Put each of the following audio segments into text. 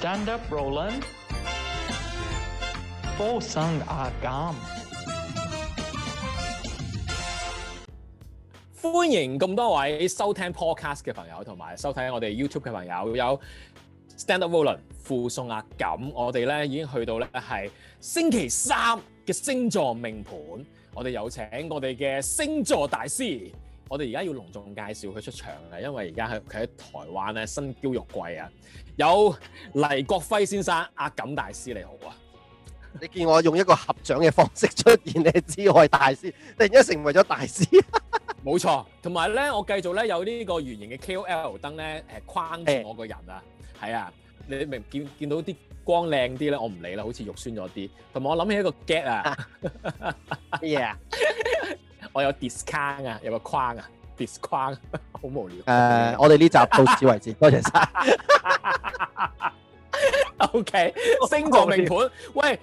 Stand up, Roland。附送阿錦，歡迎咁多位收聽 Podcast 嘅朋友，同埋收睇我哋 YouTube 嘅朋友。有 Stand up, Roland 附送阿錦，我哋呢已經去到呢係星期三嘅星座命盤。我哋有請我哋嘅星座大師。我哋而家要隆重介紹佢出場喇，因為而家佢佢喺台灣咧，身嬌肉貴啊！有黎國輝先生，阿錦大師，你好啊！你見我用一個合掌嘅方式出現咧之外，大師突然間成為咗大師，冇 錯。同埋咧，我繼續咧有呢個圓形嘅 KOL 燈咧，誒，框住我個人啊，係、欸、啊，你明，見見到啲光靚啲咧，我唔理啦，好似肉酸咗啲。同埋我諗起一個 get 啊，乜嘢啊？啊 yeah. 我有 discount 啊，有個框啊，discount 好無聊。誒，我哋呢集到此為止，多謝晒。OK，星座命盤。喂，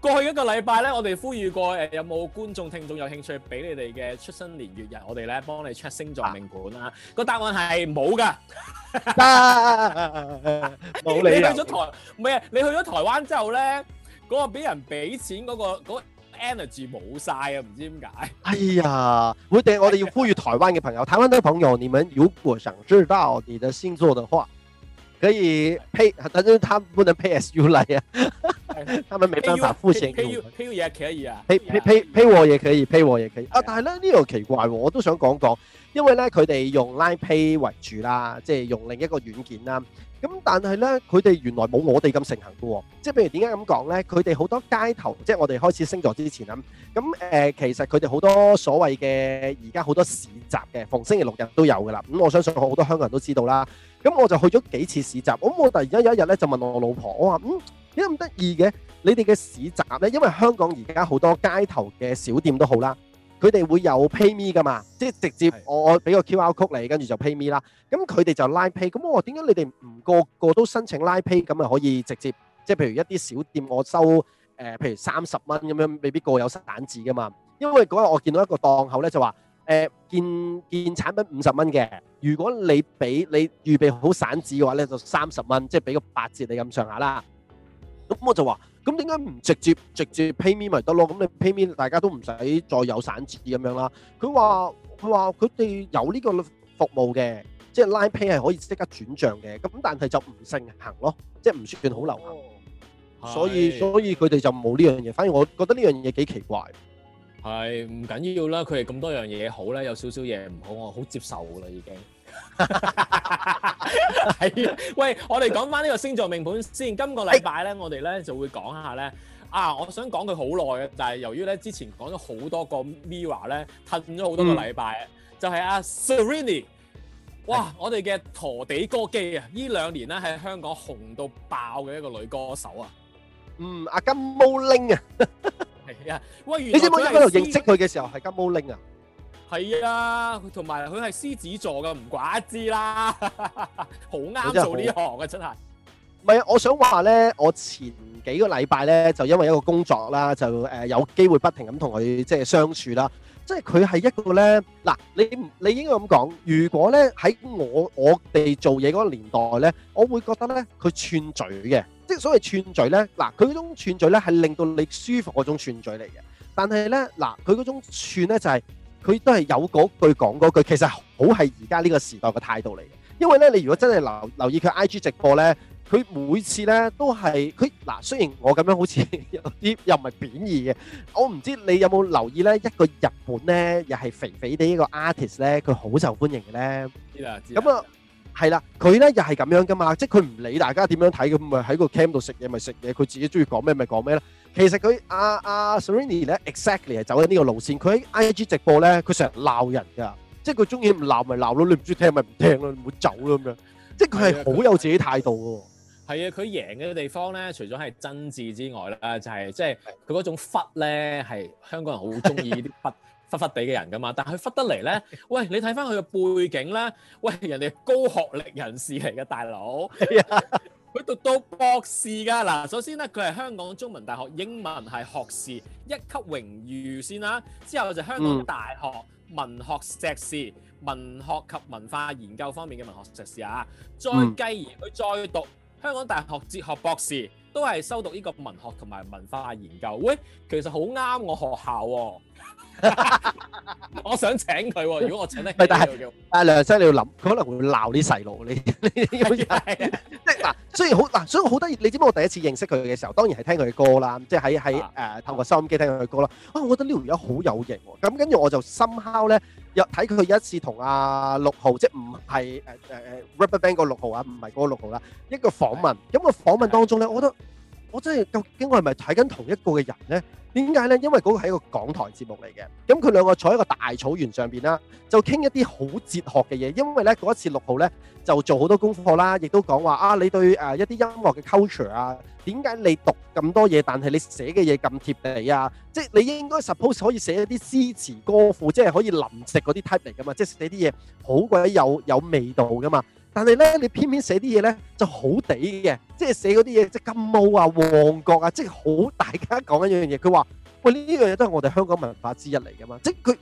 過去一個禮拜咧，我哋呼籲過誒，有冇觀眾聽眾有興趣俾你哋嘅出生年月日，我哋咧幫你 check 星座命盤啦。個答案係冇㗎，冇理。你去咗台，唔係啊？你去咗台灣之後咧，嗰個俾人俾錢嗰個。energy 冇晒啊！唔知點解？哎呀，我哋我哋要呼籲台灣嘅朋友， 台灣嘅朋友，你們如果想知道你的星座嘅話，可以配，是的但是他不能配 SU 嚟啊！的 他們沒辦法付錢。配配也可以啊，配配配我也可以，配我也可以的啊！但係咧呢個奇怪喎，哦，我都想講講。因為咧佢哋用 Line Pay 為主啦，即係用另一個軟件啦。咁但係咧佢哋原來冇我哋咁盛行嘅喎。即係譬如點解咁講咧？佢哋好多街頭，即係我哋開始星座之前啊。咁誒其實佢哋好多所謂嘅而家好多市集嘅，逢星期六日都有嘅啦。咁我相信我好多香港人都知道啦。咁我就去咗幾次市集。咁我突然間有一日咧就問我老婆，我話：嗯點解咁得意嘅？你哋嘅市集咧，因為香港而家好多街頭嘅小店都好啦。佢哋會有 PayMe 噶嘛，即係直接我我俾個 QR code 你，跟住就 PayMe 啦。咁佢哋就 Line Pay，咁我，點解你哋唔個個都申請 Line Pay？咁啊可以直接，即係譬如一啲小店，我收誒、呃、譬如三十蚊咁樣，未必個個有散紙噶嘛。因為嗰日我見到一個檔口咧，就話誒件件產品五十蚊嘅，如果你俾你預備好散紙嘅話咧，就三十蚊，即係俾個八折你咁上下啦。咁我就話。咁點解唔直接直接 pay me 咪得咯？咁你 pay me 大家都唔使再有散紙咁樣啦。佢話佢話佢哋有呢個服務嘅，即係 line pay 係可以即刻轉賬嘅。咁但係就唔盛行咯，即係唔算算好流行。哦、所以是所以佢哋就冇呢樣嘢。反而我覺得呢樣嘢幾奇怪。係唔緊要啦。佢哋咁多樣嘢好咧，有少少嘢唔好，我好接受噶啦已經。係啊， 喂，我哋講翻呢個星座命盤先。今個禮拜咧，我哋咧就會講一下咧啊，我想講佢好耐嘅，但係由於咧之前講咗好多個 Mirror 咧，褪咗好多個禮拜，嗯、就係阿、啊、Serrini。哇，的我哋嘅陀地歌姬啊，呢兩年咧喺香港紅到爆嘅一個女歌手啊。嗯，阿、啊、金毛玲啊，係 啊，喂原你知唔知喺邊度認識佢嘅時候係金毛玲啊？係啊，同埋佢係獅子座嘅，唔怪得之啦，哈哈，好啱做呢行嘅真係。唔係啊，我想話咧，我前幾個禮拜咧，就因為一個工作啦，就誒、呃、有機會不停咁同佢即係相處啦。即係佢係一個咧，嗱你你應該咁講，如果咧喺我我哋做嘢嗰個年代咧，我會覺得咧佢串嘴嘅。即係所謂串嘴咧，嗱佢嗰種串嘴咧係令到你舒服嗰種串嘴嚟嘅。但係咧嗱，佢嗰種串咧就係、是。佢都係有嗰句講嗰句，其實好係而家呢個時代嘅態度嚟嘅。因為呢，你如果真係留留意佢 IG 直播呢，佢每次呢都係佢嗱，雖然我咁樣好似有啲又唔係貶義嘅，我唔知你有冇留意呢一個日本呢，又係肥肥哋一個 artist 呢，佢好受歡迎嘅呢？知啦，知。咁啊，係啦，佢呢又係咁樣噶嘛，即係佢唔理大家點樣睇，咁咪喺個 cam 度食嘢咪食嘢，佢自己中意講咩咪講咩啦。其實佢阿阿、啊啊、Serrini 咧，exactly 係走緊呢個路線。佢喺 IG 直播咧，佢成日鬧人㗎，即係佢中意唔鬧咪鬧咯，你唔中意聽咪唔聽咯，你唔好走咯咁樣。即係佢係好有自己態度嘅。係啊，佢贏嘅地方咧，除咗係真摯之外咧，就係即係佢嗰種忽咧係香港人好中意啲忽 忽忽地嘅人㗎嘛。但係佢忽得嚟咧，喂，你睇翻佢嘅背景咧，喂，人哋高學歷人士嚟嘅大佬。佢讀到博士㗎，首先咧佢係香港中文大學英文系學士，一級榮譽先，之後就是香港大學文學碩士，文學及文化研究方面嘅文學碩士，再繼而佢再讀香港大學哲學博士。都係修讀呢個文學同埋文化研究，喂，其實好啱我學校，啊， 我想請佢，啊。如果我請咧 是，但係阿梁生你要諗，可能會鬧啲細路。你你好似係，即係嗱，所以好嗱，所以我好得意。你知唔知我第一次認識佢嘅時候，當然係聽佢嘅歌啦，即係喺喺誒透過收音機聽佢嘅歌啦。啊，我覺得呢條友好有型，啊，咁跟住我就深敲咧。又睇佢有一次同阿六號，即係唔係誒誒誒 Rubberband 個六號啊？唔係嗰個六號啦，一個訪問。咁個訪問當中咧，我覺得。我真係究竟我係咪睇緊同一個嘅人呢？點解呢？因為嗰個係一個港台節目嚟嘅，咁佢兩個坐喺個大草原上邊啦，就傾一啲好哲學嘅嘢。因為呢，嗰次六號呢，就做好多功課啦，亦都講話啊，你對誒一啲音樂嘅 culture 啊，點解你讀咁多嘢，但係你寫嘅嘢咁貼地啊？即係你應該 suppose 可以寫一啲詩詞歌賦，即係可以臨食嗰啲 type 嚟噶嘛？即係寫啲嘢好鬼有有味道噶嘛？.但係咧，你偏偏寫啲嘢咧就好地嘅，即係寫嗰啲嘢即係金毛啊、旺角啊，即係好大家講一樣嘢。佢話：喂，呢樣嘢都係我哋香港文化之一嚟噶嘛？即係佢，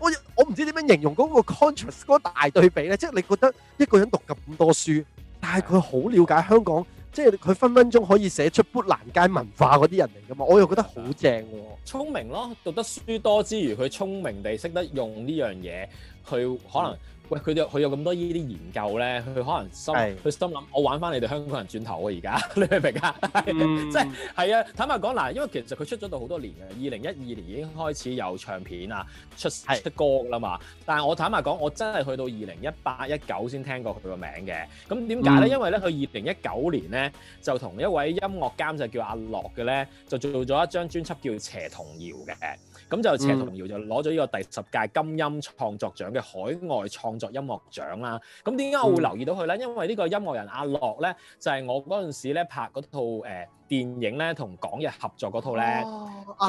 我我唔知點樣形容嗰個 contrast 嗰大對比咧。即係你覺得一個人讀咁多書，但係佢好了解香港，即係佢分分鐘可以寫出砵蘭街文化嗰啲人嚟噶嘛？我又覺得好正喎。聰明咯，讀得書多之餘，佢聰明地識得用呢樣嘢，佢可能。喂，佢哋佢有咁多呢啲研究咧，佢可能心佢是心諗，我玩翻你哋香港人轉頭啊！而家你明唔明啊？嗯、 即係係啊！坦白講嗱，因為其實佢出咗到好多年嘅，二零一二年已經開始有唱片啊出，是出歌啦嘛。但係我坦白講，我真係去到二零一八一九先聽過佢個名嘅。咁點解咧？嗯、因為咧，佢二零一九年咧就同一位音樂監就叫阿樂嘅咧，就做咗一張專輯叫《邪童謠》嘅。咁就邪童謠就攞咗呢個第十屆金音創作獎嘅海外創作音樂獎啦。咁點解我會留意到佢咧？因為呢個音樂人阿樂咧，就係、是、我嗰陣時咧拍嗰套誒、呃、電影咧同港日合作嗰套咧，佢、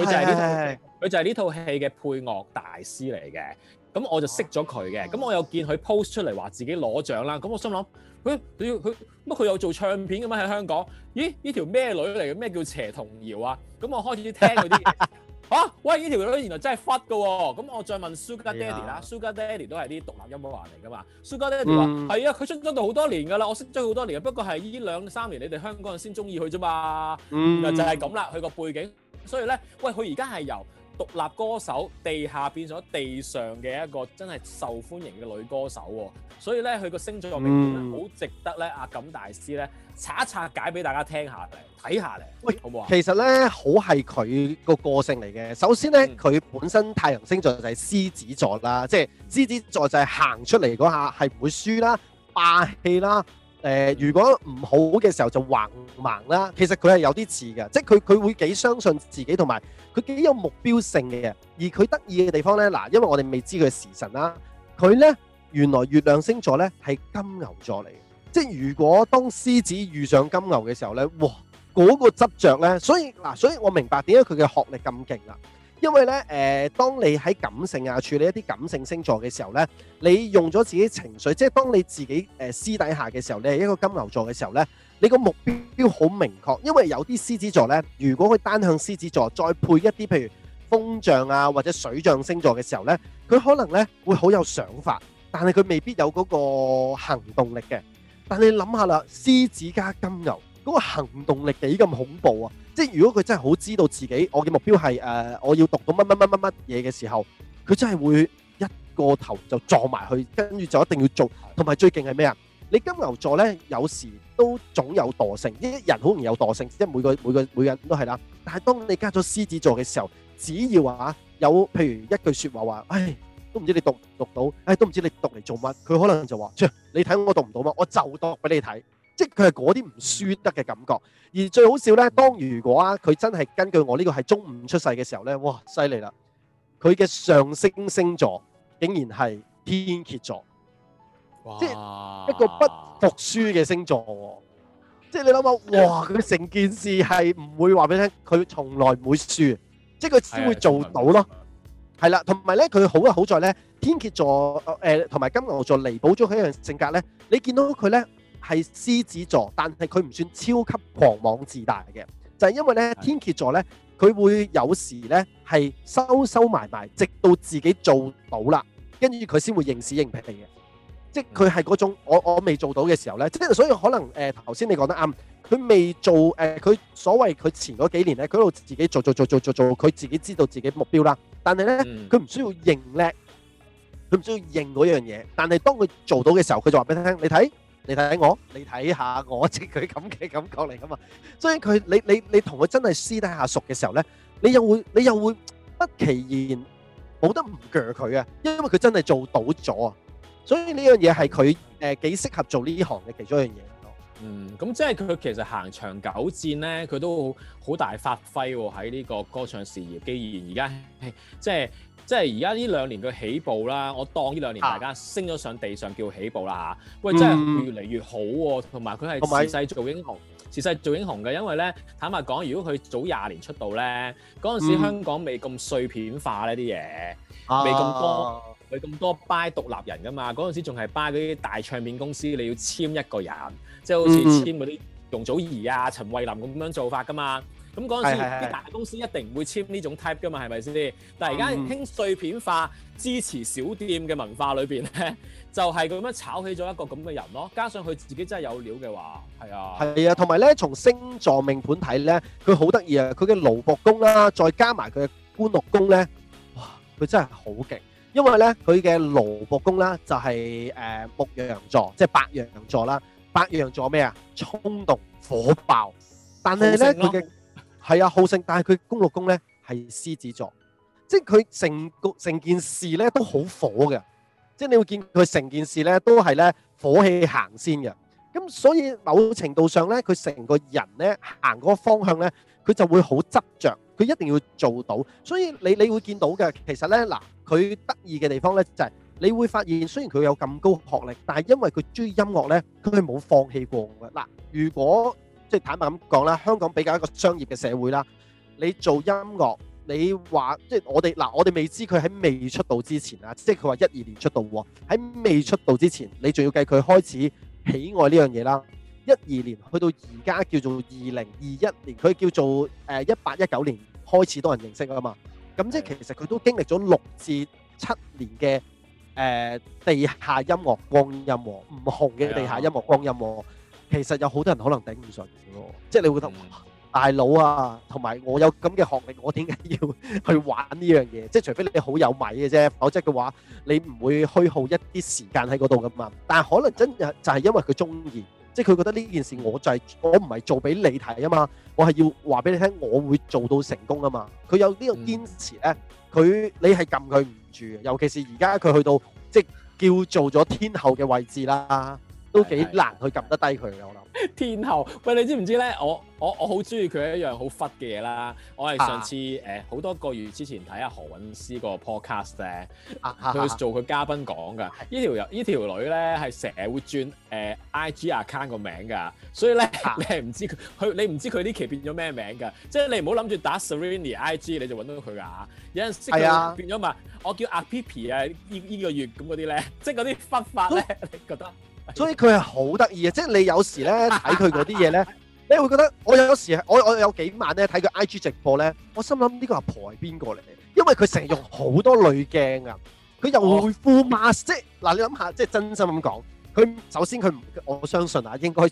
哦、就係呢套，佢、哦啊、就係呢套，、哦啊、套戲嘅配樂大師嚟嘅。咁我就識咗佢嘅，咁、哦啊、我又見佢 post 出嚟話自己攞獎啦。咁我心諗，佢要佢乜佢有做唱片嘅咩喺香港？咦？呢條咩女嚟嘅？咩叫邪童謠啊？咁我開始聽嗰啲。啊，喂，呢條女原來真係忽㗎喎，咁我再問 Sugar Daddy 啦、哎、呀，Sugar Daddy 都係啲獨立音樂人嚟㗎嘛？Sugar Daddy 話、嗯：係啊，佢出咗道好多年㗎喇，我認識咗好多年嘅，不過係呢兩三年你哋香港人先鍾意佢啫嘛，原來、嗯、就係咁啦，佢個背景，所以呢，喂，佢而家係由，獨立歌手地下變咗地上嘅一個真係受歡迎嘅女歌手喎、哦，所以咧佢個星座命盤好值得咧阿，嗯啊、錦大師咧拆一拆解俾大家聽下嚟睇下嚟，喂好唔好啊？其實咧好係佢個個性嚟嘅。首先咧佢、嗯、本身太陽星座就係獅子座啦，即係獅子座就係行出嚟嗰下係唔會輸啦，霸氣啦。誒，如果唔好嘅時候就橫盲啦，其實佢係有啲似嘅，即係佢佢會幾相信自己，同埋佢幾有目標性嘅。而佢得意嘅地方咧，嗱，因為我哋未知佢嘅時辰啦，佢咧原來月亮星座咧係金牛座嚟嘅，即係如果當獅子遇上金牛嘅時候咧，哇，嗰個執著咧，所以嗱，所以我明白點解佢嘅學歷咁勁啦。因為咧，誒，當你喺感性啊處理一啲感性星座嘅時候咧，你用咗自己情緒，即係當你自己誒私底下嘅時候，你係一個金牛座嘅時候咧，你個目標標好明確。因為有啲獅子座咧，如果佢單向獅子座，再配一啲譬如風象啊或者水象星座嘅時候咧，佢可能咧會好有想法，但係佢未必有嗰個行動力嘅。但係你諗下啦，獅子加金牛嗰個行動力幾咁恐怖啊！即係如果佢真係好知道自己，我嘅目標係誒，我要讀到乜乜乜乜乜嘢嘅時候，佢真係會一個頭就撞埋去，跟住就一定要做。同埋最勁係咩啊？你金牛座咧，有時都總有惰性，啲人好容易有惰性，即係每個每個每人都係啦。但係當你加咗獅子座嘅時候，只要話有譬如一句説話話，唉，都唔知你讀唔讀到，唉，都唔知你讀嚟做乜，佢可能就話：你睇我讀唔到嘛，我就讀俾你睇。即係佢係嗰啲唔輸得嘅感覺，而最好笑咧，當如果啊佢真係根據我呢個係中午出世嘅時候咧，哇，犀利啦！佢嘅上升星座竟然係天蠍座，即係一個不服輸嘅星座。即係你諗下，哇！佢成件事係唔會話俾你聽，佢從來唔會輸，即係佢先會做到咯。係啦，同埋咧，佢好啊，好在咧，天蠍座誒，同埋金牛座彌補咗佢一樣性格咧，你見到佢咧。係獅子座，但係佢唔算超級狂妄自大嘅，就係、是、因為咧天蠍座咧，佢會有時咧係收收埋埋，直到自己做到啦，跟住佢先會認屎認屁嘅，即係佢係嗰種我我未做到嘅時候咧，即係所以可能誒頭先你講得啱，佢未做誒，佢、呃、所謂佢前嗰幾年咧，佢喺度自己做做做做做做，佢自己知道自己目標啦，但係咧佢唔需要認叻，佢唔需要認嗰樣嘢，但係當佢做到嘅時候，佢就話俾你聽，你睇。你睇我，你睇下我即佢咁嘅感覺嚟㗎嘛？所以佢你你你同佢真係私底下熟嘅時候咧，你又會你又會不其然冇得唔鋸佢嘅，因為佢真係做到咗啊！所以呢樣嘢係佢誒幾適合做呢行嘅其中一樣嘢咯。嗯，咁即係佢其實行長久戰咧，佢都好大發揮喎喺呢個歌唱事業，既然而家即係。即係而家呢兩年佢起步啦，我當呢兩年大家升咗上地上叫起步啦嚇。喂，真係越嚟越好喎，啊，同埋佢係時勢做英雄，時勢做英雄嘅，因為咧，坦白講，如果佢早廿年出道咧，嗰陣時香港未咁碎片化呢啲嘢，未咁、啊、多，未咁、啊、多 buy 獨立人㗎嘛，嗰陣時仲係 buy 嗰啲大唱片公司，你要簽一個人，即係好似簽嗰啲容祖兒啊、陳慧琳咁樣做法㗎嘛。咁嗰陣時啲大公司一定唔會簽呢種 type 㗎嘛，係咪先？但係而家興碎片化支持小店嘅文化裏邊咧，就係佢咁樣炒起咗一個咁嘅人咯。加上佢自己真係有料嘅話，係啊，係啊。同埋咧，從星座命盤睇咧，佢好得意啊！佢嘅盧伯宮啦，再加埋佢嘅官祿宮咧，哇！佢真係好勁，因為咧佢嘅盧伯宮咧就係誒牧羊座，即係白羊座啦。白羊座咩啊？衝動、火爆，但係咧佢嘅係啊，好勝，但係佢宮六宮咧係獅子座，即係佢成個成件事咧都好火嘅，即係你會見佢成件事咧都係咧火氣行先嘅，咁所以某程度上咧佢成個人咧行嗰個方向咧，佢就會好執著，佢一定要做到，所以你你會見到嘅其實咧嗱，佢得意嘅地方咧就係，你會發現雖然佢有咁高學歷，但係因為佢中意音樂咧，佢係冇放棄過嘅嗱，如果。即係坦白咁講啦，香港比較一個商業嘅社會啦。你做音樂，你話即係我哋嗱，我哋未知佢喺未出道之前啊。即係佢話一二年出道喎，喺未出道之前，你仲要計佢開始喜愛呢樣嘢啦。一二年去到而家叫做二零二一年，佢叫做誒一八一九年開始多人認識啊嘛。咁即係其實佢都經歷咗六至七年嘅誒、呃、地下音樂、光音樂唔紅嘅地下音樂、光音樂。其實有好多人可能頂唔順咯，mm hmm. 即係你會覺得大佬啊，同埋我有咁嘅學歷，我點解要去玩呢樣嘢？即係除非你好有米嘅啫，否則嘅話你唔會虛耗一啲時間喺嗰度噶嘛。但係可能真係就係因為佢中意，即係佢覺得呢件事我最、就係，我唔係做俾你睇啊嘛，我係要話俾你聽，我會做到成功啊嘛。佢有呢個堅持咧，佢你係撳佢唔住，尤其是而家佢去到即係叫做咗天后嘅位置啦。都幾難去撳得低佢嘅，我諗。天后，喂，你知唔知咧？我我我好中意佢一樣好忽嘅嘢啦。我係上次誒好多個月之前睇阿何韻詩個 podcast 咧，去做佢嘉賓講㗎。呢條又呢條女咧係成日會轉誒 IG account 個名㗎，所以咧你係唔知佢你唔知佢呢期變咗咩名㗎。即係你唔好諗住打 Serrini IG 你就揾到佢㗎。有陣時變咗嘛，我叫阿 Pipi 啊，呢依個月咁嗰啲咧，即係嗰啲忽法咧，你覺得？所以佢係好得意嘅，即係你有時咧睇佢嗰啲嘢咧， 你會覺得我有時係我我有幾晚咧睇佢 I G 直播咧，我心諗呢個阿婆係邊個嚟？因為佢成日用好多濾鏡啊，佢又會敷 mask， 即係嗱你諗下，即係真心咁講，佢首先佢唔，我相信啊，應該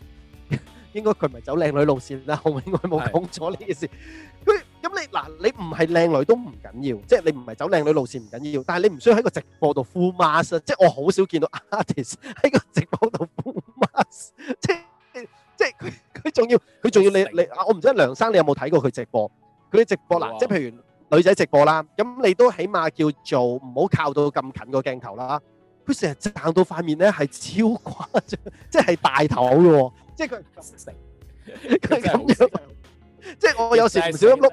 應該佢唔係走靚女路線啦，我應該冇講錯呢件事。的咁你嗱，你唔係靚女都唔緊要，即係你唔係走靚女路線唔緊要，但係你唔需要喺個直播度 full mask 啊！即係我好少見到 artist 喺個直播度 full mask，即係即係佢佢仲要佢仲要你你，我唔知梁生你有冇睇過佢直播？佢啲直播嗱，即係譬如女仔直播啦，咁你都起碼叫做唔好靠到咁近個鏡頭啦。佢成日撐到塊面咧係超誇張，即係係大頭嘅喎，即係佢成佢咁樣，即係我有時唔小心碌。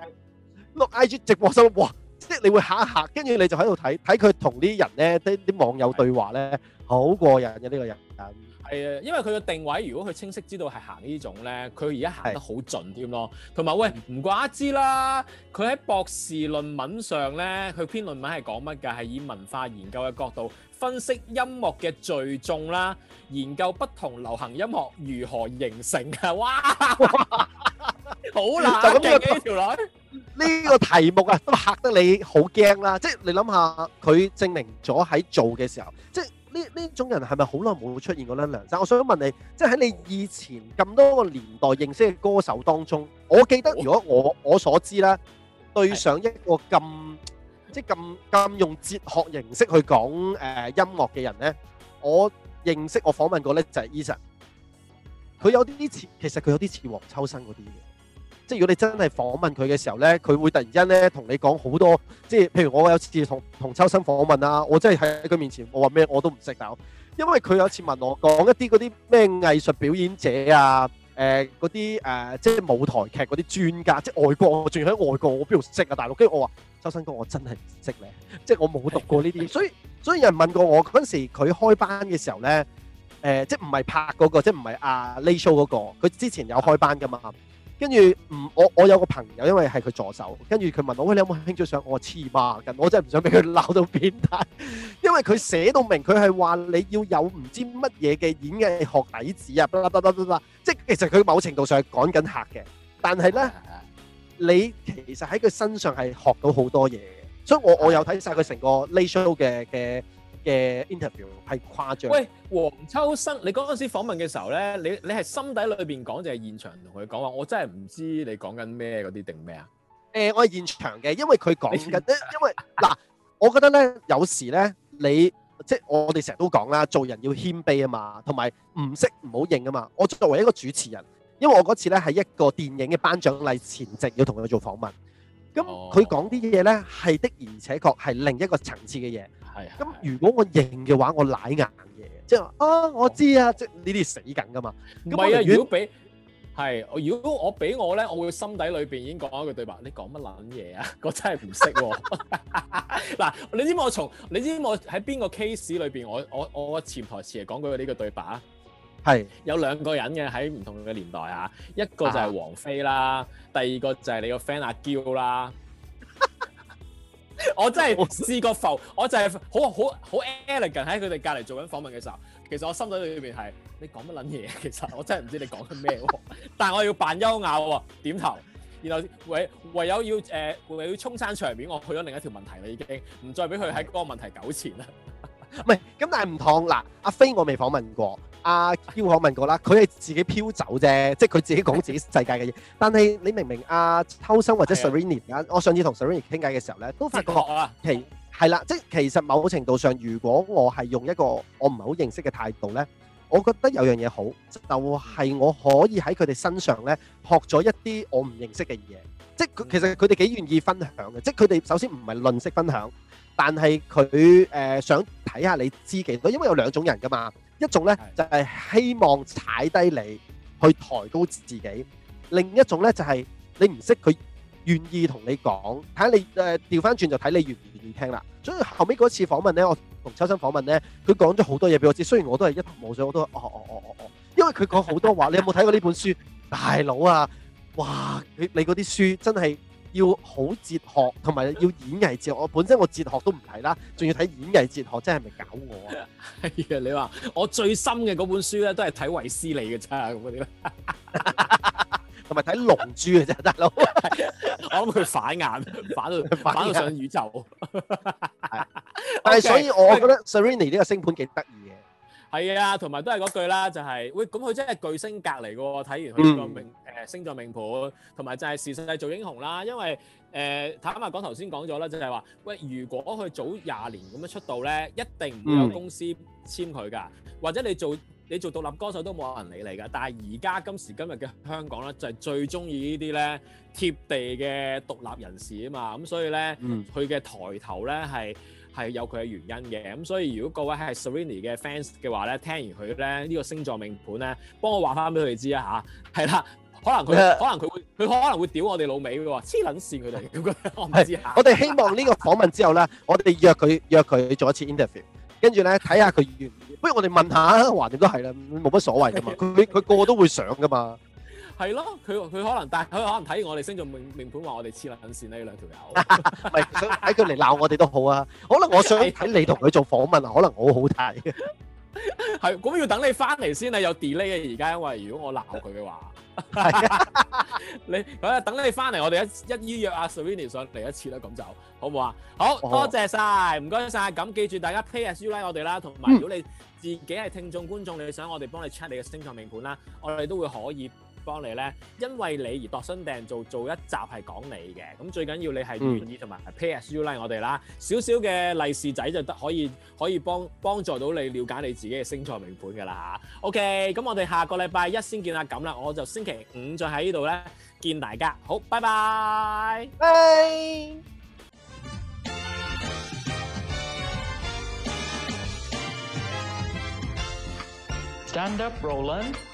落 I G 直播收哇！即係你會嚇一嚇，跟住你就喺度睇睇佢同啲人咧，啲啲網友對話咧，好的過癮嘅呢個人。係啊，因為佢嘅定位，如果佢清晰知道係行呢種咧，佢而家行得好盡添咯。同埋的喂，唔怪得知啦，佢喺博士論文上咧，佢篇論文係講乜嘅？係以文化研究嘅角度分析音樂嘅聚眾啦，研究不同流行音樂如何形成嘅。哇！好冷靜呢條女。 呢個題目啊，都嚇得你好驚啦！即係你諗下，佢證明咗喺做嘅時候，即係呢呢種人係咪好耐冇出現過咧？梁生，我想問你，即係喺你以前咁多個年代認識嘅歌手當中，我記得如果我我，我所知啦，對上一個咁是即係咁咁用哲學形式去講誒、呃、音樂嘅人咧，我認識我訪問過咧就係 Eason，佢有啲啲似，其實佢有啲似黃秋生嗰啲嘅。即係如果你真係訪問佢嘅時候咧，佢會突然間咧同你講好多，即係譬如我有次同同秋生訪問啊，我真係喺佢面前，我話咩我都唔識到，因為佢有次問我講一啲嗰啲咩藝術表演者啊，誒嗰啲誒即係舞台劇嗰啲專家，即係外，外國，我仲要喺外國，我邊度識啊？大陸，跟住我話： 秋生哥，我真係唔識你，即係我冇讀過呢啲。所以所以有人問過我嗰陣時，佢開班嘅時候咧，誒、呃、即係唔係拍嗰、嗰個，即係唔係阿 Leo 嗰個？佢之前有開班㗎嘛？跟住唔我我有個朋友，因為係佢助手，跟住佢問我：喂，你有冇興趣上？我黐孖筋，我真係唔想俾佢鬧到變態。因為佢寫到明，佢係話你要有唔知乜嘢嘅演藝學底子啊！啦啦啦啦啦，即係其實佢某程度上係趕緊客嘅。但係咧，你其實喺佢身上係學到好多嘢，所以我我有睇晒佢成個 layout 嘅嘅。嘅 interview 係誇張。喂，黃秋生，你嗰陣時訪問嘅時候咧，你你係心底裏邊講定係現場同佢講話？我真係唔知你講緊咩嗰啲定咩啊？誒、呃，我係現場嘅，因為佢講緊， 因為嗱，我覺得咧，有時咧，你即係我哋成日都講啦，做人要謙卑啊嘛，同埋唔識唔好認啊嘛。我作為一個主持人，因為我嗰次咧係一個電影嘅頒獎禮前夕要同佢做訪問，咁佢講啲嘢咧係的而且確係另一個層次嘅嘢。係，咁如果我認嘅話，我賴硬嘢，即係的啊，我知啊，即係呢啲死緊噶嘛。唔係啊，如果俾係，如果我俾我咧，我會心底裏邊已經講一句對白：你講乜撚嘢啊？我真係唔識喎。嗱， 你知唔知我從？你知唔知我喺邊個 case 裏邊？我我我潛台詞係講過呢個對白啊？係的有兩個人嘅喺唔同嘅年代啊。一個就係王菲啦，啊、第二個就係你個 friend 阿嬌啦。我真係試過浮，我就係好好好 elegant 喺佢哋隔離做緊訪問嘅時候，其實我心底裏邊係你講乜撚嘢？其實我真係唔知你講緊咩喎， 但係我要扮優雅喎，點頭，然後唯唯有要誒、呃、要充山場面，我去咗另一條問題啦，已經唔再俾佢喺嗰個問題糾纏啦。唔係，咁但係唔同嗱，阿飛我未訪問過，阿飄訪問過啦，佢係自己飄走啫，即係佢自己講自己世界嘅嘢。 但係你明唔明？阿、啊、偷生或者 Serrini 啊的，我上次同 Serrini 傾偈嘅時候咧，都發覺的其係啦，即係其實某程度上，如果我係用一個我唔係好認識嘅態度咧，我覺得有樣嘢好，就係、是、我可以喺佢哋身上咧學咗一啲我唔認識嘅嘢。即係佢其實佢哋幾願意分享嘅，即係佢哋首先唔係論識分享。但係佢誒想睇下你知幾多，因為有兩種人㗎嘛，一種呢，就係希望踩低你去抬高自己，另一種呢，就係你唔識佢願意同你講，睇下你誒調翻轉就睇你願唔願意聽啦。所以後尾嗰次訪問呢，我同秋生訪問呢，佢講咗好多嘢俾我知，雖然我都係一頭霧水，我都哦哦哦哦哦，因為佢講好多話，你有冇睇過呢本書？大佬啊，哇！你你嗰啲書真係～要好哲學，同埋要演藝哲學。我本身我哲學都唔睇啦，仲要睇演藝哲學，真係咪搞我啊？係啊， 你話我最深嘅嗰本書咧，都係睇衛斯理嘅咋咁啲，同埋睇龍珠嘅咋大佬。 我諗佢反眼，反到反，眼反到上宇宙。 但係所以，我覺得 Serrini 呢個星盤幾得意。係啊，同埋都係嗰句啦，就係喂，咁佢真係巨星格嚟㗎喎！睇完佢個名，誒，星座命盤，同埋就係時勢做英雄啦。因為誒，坦白講，頭先講咗啦，就係話，喂，如果佢早廿年咁樣出道咧，一定唔會有公司簽佢㗎。或者你做你做獨立歌手都冇人理你㗎。但係而家今時今日嘅香港咧，就係最中意呢啲咧貼地嘅獨立人士啊嘛。咁所以咧，佢嘅抬頭咧係。係有佢嘅原因嘅，咁所以如果各位係 Serrini 嘅 fans 嘅話咧，聽完佢咧呢、呢個星座命盤咧，幫我話翻俾佢哋知啊吓，係啦，可能佢的可能佢會佢可能會屌我哋老味嘅，黐撚線佢哋，咁我唔知嚇。我哋希望呢個訪問之後咧，我哋約佢約佢做一次 interview，跟住咧睇下佢願唔願。不如我哋問下，橫掂都係啦，冇乜所謂噶嘛，佢佢的個個都會想噶嘛。係咯，佢佢可能但係佢可能睇我哋星座命命盤，話我哋黐撚線呢兩條友 想睇佢嚟鬧我哋都好啊！可能我想睇你同佢做訪問，可能我好好睇 。係，咁要等你翻嚟先啊！有 delay 嘅。而家，因為如果我鬧佢嘅話，係啊，你咁啊，等你翻嚟，我哋一一於約阿、啊、Serrini 上嚟一次好好、哦 like、啦，咁就好唔好啊？好多謝晒，唔該晒。咁記住，大家 pay 啊書啦，我哋啦，同埋如果你自己係聽眾觀眾， 你想我哋幫你 check 你嘅星座命盤啦，我哋都會可以。幫你咧，因為你而度身訂做做一集係講你嘅，咁最緊要你係願意同埋係 pay 嘅我哋啦，少少嘅利是仔就得，可以可以幫幫助到你了解你自己嘅星座命盤嘅啦吓 OK，咁我哋下個禮拜一先見下咁啦，我就星期五再喺呢度咧見大家，好，拜拜，bye。Bye. Stand up,